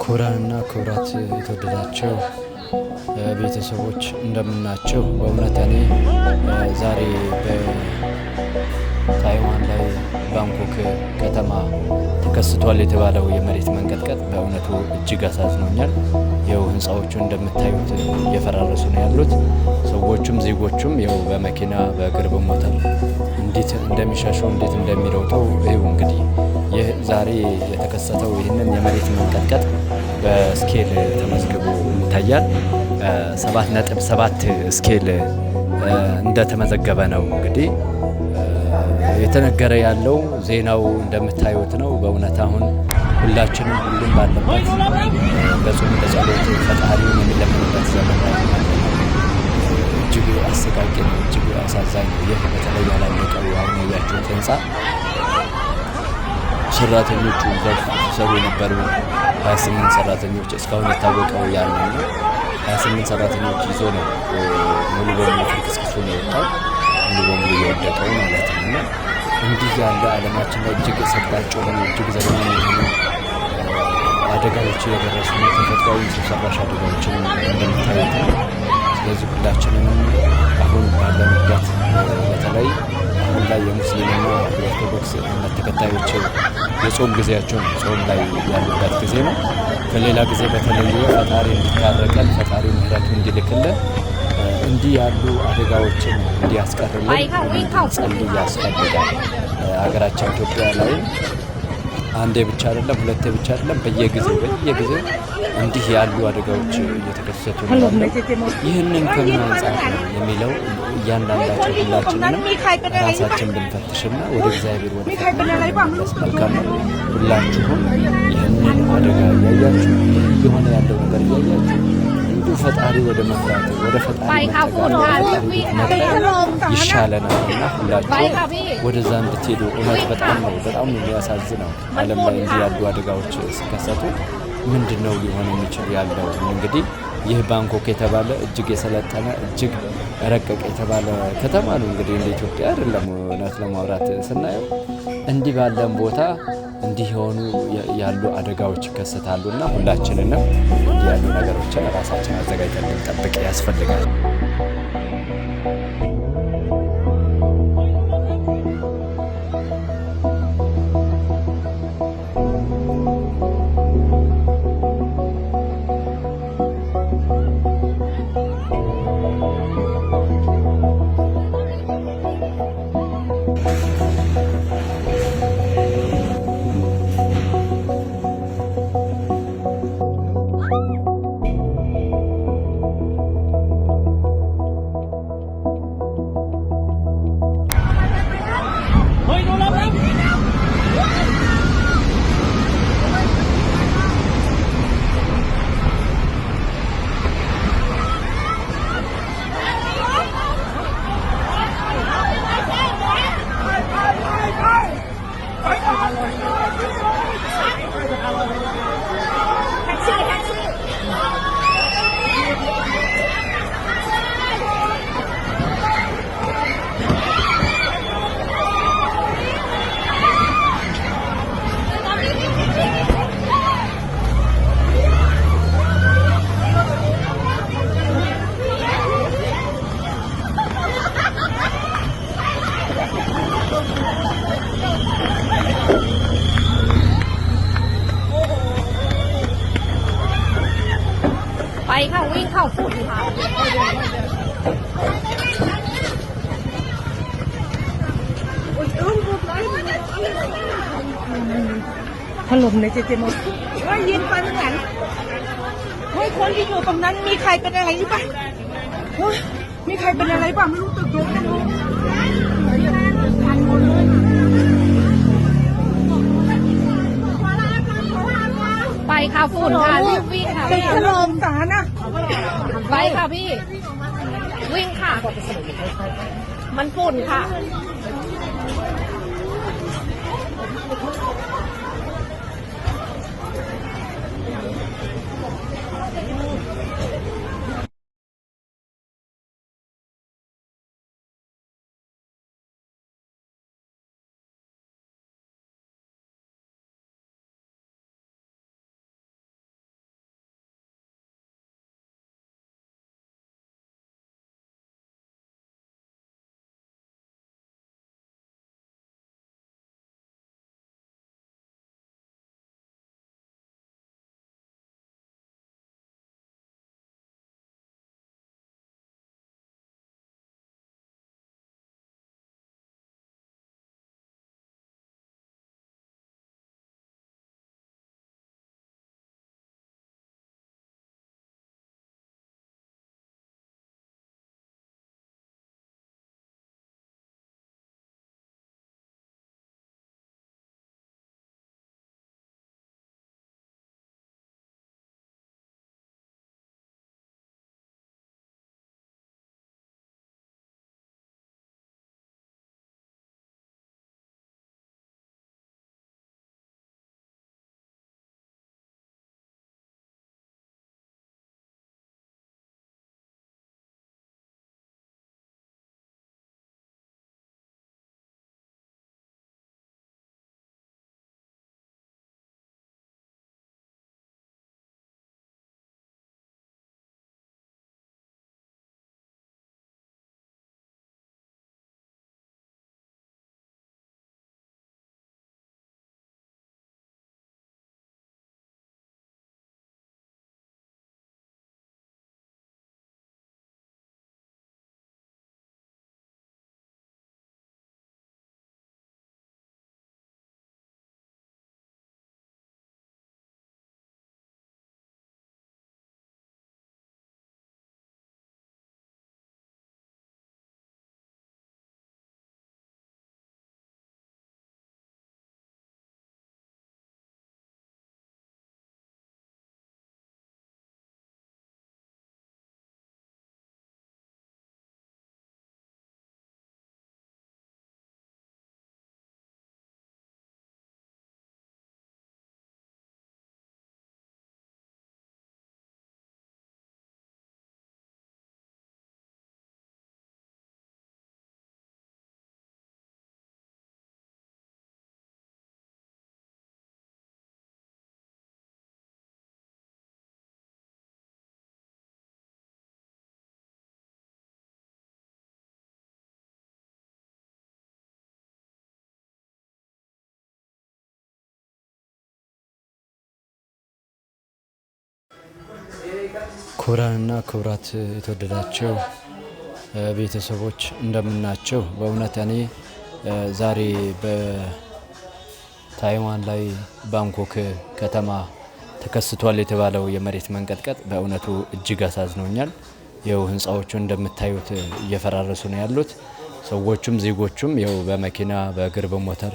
ክቡራንና ኩራት የተወደዳቸው ቤተሰቦች እንደምናቸው። በእውነት እኔ ዛሬ በታይዋን ላይ ባንኮክ ከተማ ተከስቷል የተባለው የመሬት መንቀጥቀጥ በእውነቱ እጅግ አሳዝኖኛል። ይኸው ህንፃዎቹ እንደምታዩት እየፈራረሱ ነው ያሉት። ሰዎቹም ዜጎቹም ይኸው በመኪና በእግር በሞተር እንዴት እንደሚሻሹ እንዴት እንደሚሮጡ ይኸው እንግዲህ ይህ ዛሬ የተከሰተው ይህንን የመሬት መንቀጥቀጥ በስኬል ተመዝግቦ ይታያል። ሰባት ነጥብ ሰባት ስኬል እንደተመዘገበ ነው እንግዲህ የተነገረ ያለው ዜናው እንደምታዩት ነው። በእውነት አሁን ሁላችንም ሁሉም ባለበት በጾም በጸሎት ፈጣሪውን የሚለምንበት ዘመን እጅጉ አሰቃቂ ነው፣ እጅጉ አሳዛኝ ነው። ይህ በተለይ ያላለቀው አሁን ያያችሁት ህንፃ ሰራተኞቹ ዘርፍ ሲሰሩ የነበሩ 28 ሰራተኞች እስካሁን የታወቀው ያለ ነው። 28 ሰራተኞች ይዞ ነው ሙሉ በሙሉ ፍርክስክሱ ነው የወጣው ሙሉ በሙሉ የወደቀው ማለት ነው። እና እንዲህ ያለ አለማችን ላይ እጅግ ሰባጭ ሆነ እጅግ ዘመኑ የሆኑ አደጋዎች የደረሱ ተፈጥሯዊ ሰው ሰራሽ አደጋዎችን እንደምታዩት ነው። ለዚህ ሁላችንንም አሁን ባለንበት በተለይ አሁን ላይ የሙስሊምና የኦርቶዶክስ እምነት ተከታዮች የጾም ጊዜያቸውን ጾም ላይ ያሉበት ጊዜ ነው። ከሌላ ጊዜ በተለየ ፈጣሪ እንዲታረቀን ፈጣሪ ምሕረቱ እንዲልክልን እንዲህ ያሉ አደጋዎችን እንዲያስቀርልን ጸልይ ያስፈልጋል። ሀገራችን ኢትዮጵያ ላይ አንዴ ብቻ አይደለም፣ ሁለቴ ብቻ አይደለም፣ በየጊዜው በየጊዜው እንዲህ ያሉ አደጋዎች እየተከሰቱ ይህንን ከምን አንጻር ነው የሚለው እያንዳንዳቸው ሁላችንንም ራሳችን ብንፈትሽና ወደ እግዚአብሔር ወደ መልካም ነው። ሁላችሁም ይህንን አደጋ እያያችሁ የሆነ ያለው ነገር እያያችሁ ፈጣሪ ወደ መፍራት ወደ ፈጣሪ ይሻለናል እና ሁላችሁ ወደዛ እንድትሄዱ እውነት በጣም ነው በጣም ነው የሚያሳዝነው። ዓለም ላይ እንዲህ ያሉ አደጋዎች ሲከሰቱ ምንድን ነው ሊሆን የሚችል ያለው እንግዲህ ይህ ባንኮክ የተባለ እጅግ የሰለጠነ እጅግ ረቀቅ የተባለ ከተማ ነው። እንግዲህ እንደ ኢትዮጵያ አይደለም እውነት ለማውራት ስናየው እንዲህ ባለም ቦታ እንዲህ የሆኑ ያሉ አደጋዎች ይከሰታሉ እና ሁላችንንም እንዲህ ያሉ ነገሮችን ራሳችን አዘጋጅተን ጠብቅ ያስፈልጋል። ถล่มเลยเจเจมดว่ายิืนฟังเหลังเฮ้คนที่อยู่ตรงนั้น มีใครเป็นอะไรหรือเปล่าเฮ้ย มีใครเป็นอะไรปล่ไม่รู้ตึกโดนกันไปค่ะฝุ่นค่ะรีบวิ่งค่ะตึ่ถล่มสานะไปค่ะ พี่ วิ่งค่ะมันฝุ่นค่ะ何 ክቡራንና ክቡራት የተወደዳቸው ቤተሰቦች እንደምናቸው። በእውነት እኔ ዛሬ በታይዋን ላይ ባንኮክ ከተማ ተከስቷል የተባለው የመሬት መንቀጥቀጥ በእውነቱ እጅግ አሳዝኖኛል። ይኸው ህንፃዎቹ እንደምታዩት እየፈራረሱ ነው ያሉት። ሰዎቹም ዜጎቹም ይኸው በመኪና በእግር በሞተር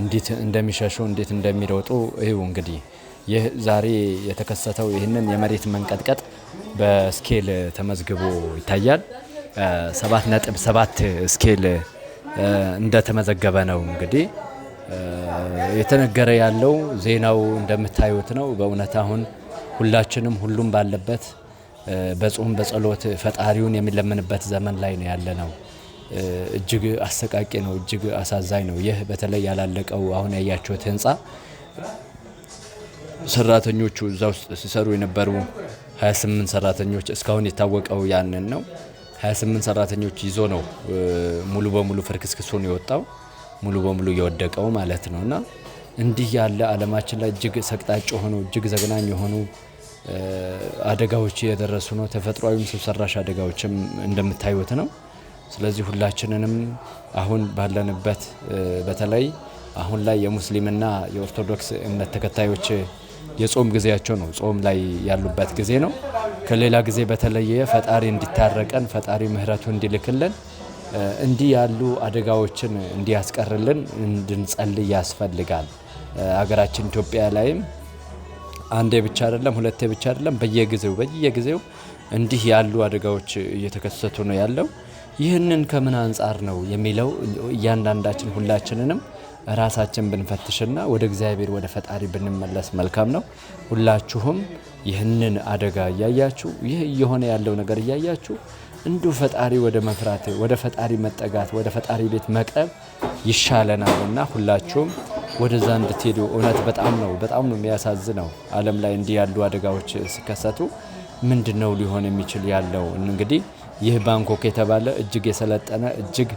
እንዴት እንደሚሸሹ እንዴት እንደሚሮጡ ይኸው እንግዲህ ይህ ዛሬ የተከሰተው ይህንን የመሬት መንቀጥቀጥ በስኬል ተመዝግቦ ይታያል። ሰባት ነጥብ ሰባት ስኬል እንደተመዘገበ ነው እንግዲህ የተነገረ ያለው ዜናው እንደምታዩት ነው። በእውነት አሁን ሁላችንም ሁሉም ባለበት በጾም በጸሎት ፈጣሪውን የሚለምንበት ዘመን ላይ ነው ያለ ነው። እጅግ አሰቃቂ ነው። እጅግ አሳዛኝ ነው። ይህ በተለይ ያላለቀው አሁን ያያችሁት ህንፃ ሰራተኞቹ እዛ ውስጥ ሲሰሩ የነበሩ 28 ሰራተኞች እስካሁን የታወቀው ያንን ነው። 28 ሰራተኞች ይዞ ነው ሙሉ በሙሉ ፍርክስክሱን የወጣው ሙሉ በሙሉ የወደቀው ማለት ነው። እና እንዲህ ያለ አለማችን ላይ እጅግ ሰቅጣጭ የሆኑ እጅግ ዘግናኝ የሆኑ አደጋዎች እየደረሱ ነው። ተፈጥሯዊም ሰው ሰራሽ አደጋዎችም እንደምታዩት ነው። ስለዚህ ሁላችንንም አሁን ባለንበት በተለይ አሁን ላይ የሙስሊምና የኦርቶዶክስ እምነት ተከታዮች የጾም ጊዜያቸው ነው። ጾም ላይ ያሉበት ጊዜ ነው። ከሌላ ጊዜ በተለየ ፈጣሪ እንዲታረቀን ፈጣሪ ምሕረቱ እንዲልክልን እንዲህ ያሉ አደጋዎችን እንዲያስቀርልን እንድንጸልይ ያስፈልጋል። ሀገራችን ኢትዮጵያ ላይም አንዴ ብቻ አይደለም፣ ሁለቴ ብቻ አይደለም፣ በየጊዜው በየጊዜው እንዲህ ያሉ አደጋዎች እየተከሰቱ ነው ያለው። ይህንን ከምን አንጻር ነው የሚለው እያንዳንዳችን ሁላችንንም ራሳችን ብንፈትሽና ወደ እግዚአብሔር ወደ ፈጣሪ ብንመለስ መልካም ነው። ሁላችሁም ይህንን አደጋ እያያችሁ ይህ እየሆነ ያለው ነገር እያያችሁ እንዲሁ ፈጣሪ ወደ መፍራት ወደ ፈጣሪ መጠጋት ወደ ፈጣሪ ቤት መቅረብ ይሻለናል እና ሁላችሁም ወደዛ እንድትሄዱ እውነት በጣም ነው በጣም ነው የሚያሳዝነው። ዓለም ላይ እንዲህ ያሉ አደጋዎች ሲከሰቱ ምንድን ነው ሊሆን የሚችል ያለው እንግዲህ ይህ ባንኮክ የተባለ እጅግ የሰለጠነ እጅግ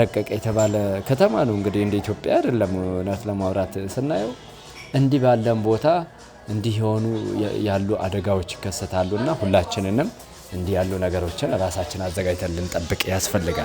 ረቀቀ የተባለ ከተማ ነው። እንግዲህ እንደ ኢትዮጵያ አይደለም። እውነት ለማውራት ስናየው እንዲህ ባለን ቦታ እንዲህ የሆኑ ያሉ አደጋዎች ይከሰታሉ እና ሁላችንንም እንዲህ ያሉ ነገሮችን ራሳችን አዘጋጅተን ልንጠብቅ ያስፈልጋል።